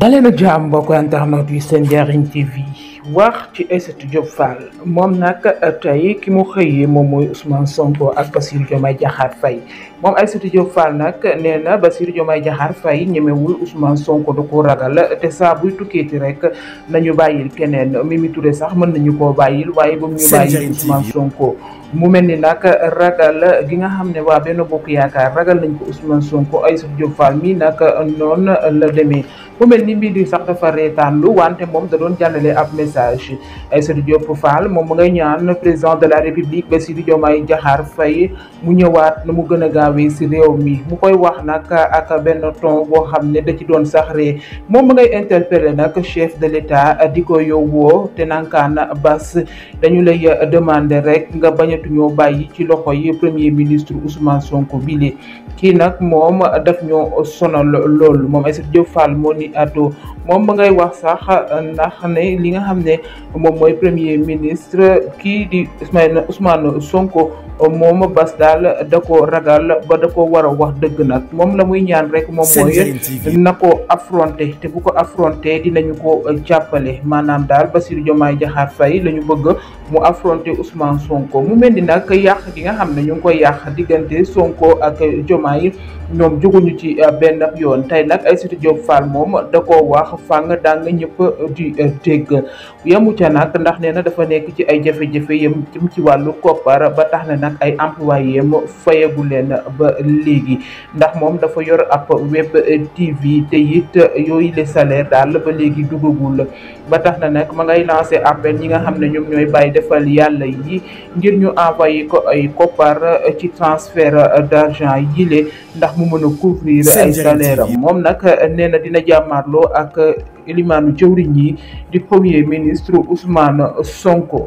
daleen ak jàmm mbokk internet yi seen njariñ TV wax ci Aïssatou Diop Fall moom nag tey ki mu xëyee moom mooy Ousmane Sonko ak Bassirou Diomaye Diakhar Faye moom Aïssatou Diop nag nee na Bassirou Diomaye Diakhar Faye ñemewul Ousmane Sonko da ko ragal te saa buy tukkeeti rek nañu bàyyil keneen Mimi Touré sax mën nañu koo bàyyil waaye ba mu ñu bàyyil Ousmane Sonko mu mel ni nag ragal gi nga xam ne waa Benno Bokk Yaakaar ragal nañ ko Ousmane Sonko ay Aïssatou Diop Fall mii nag noonu la demee mu mel ni mbir di sax dafa reetaanlu wante moom da doon jàllale ab message Aïssatou Diop faal moom mu ngay ñaan président de la république Bassirou Diomaye Diakhar Faye mu ñëwaat nu mu gën a gaawee si réew mi mu koy wax nag ak benn ton boo xam ne da ci doon sax ree moom mu ngay interpellé nag chef de l'état di ko yow woo te nankaan bas dañu lay demander rek nga bañatuñoo bàyyi ci loxo yi premier ministre Ousmane Sonko bile kii nag moom daf ñoo sonal di addu moom ma ngay wax sax ndax ne li nga xam ne moom mooy premier ministre kii di Ousmane Ousmane Sonko moom bas daal da ko ragal ba da ko war wax dëgg nag moom la muy ñaan rek moom mooy na ko affronté te bu ko affronté dinañu ko jàppale maanaam daal Bassirou Diomaye jaxaar fay la ñu bëgg mu affronté Ousmane Sonko mu mel ni nag yàq gi nga xam ne ñu ngi koy yàq diggante Sonko ak Diomaye ñoom juguñu ci uh, benn yoon tey nag Aïssatou Diop Fall moom da koo wax fang dang ñëpp di eh, dégg yemu ca nag ndax nee na dafa nekk ci ay jafe-jafe yem jëm ci wàllu koppar ba tax na nag ay employé am fayagu leen ba léegi ndax moom dafa yor ab web TV te it yooyu les salaires daal ba léegi dugagul ba tax na nag ma ngay lancé appel ñi nga xam ne ñoom ñooy bàyyi defal yàlla yi ngir ñu envoyé ko ay koppar ci transfert d'argent yile ndax mu mën a couvrir ay salaire am moom nag dina jàmm jàmmarloo ak ilimaanu jëwriñ yi di premier ministre Ousmane Sonko.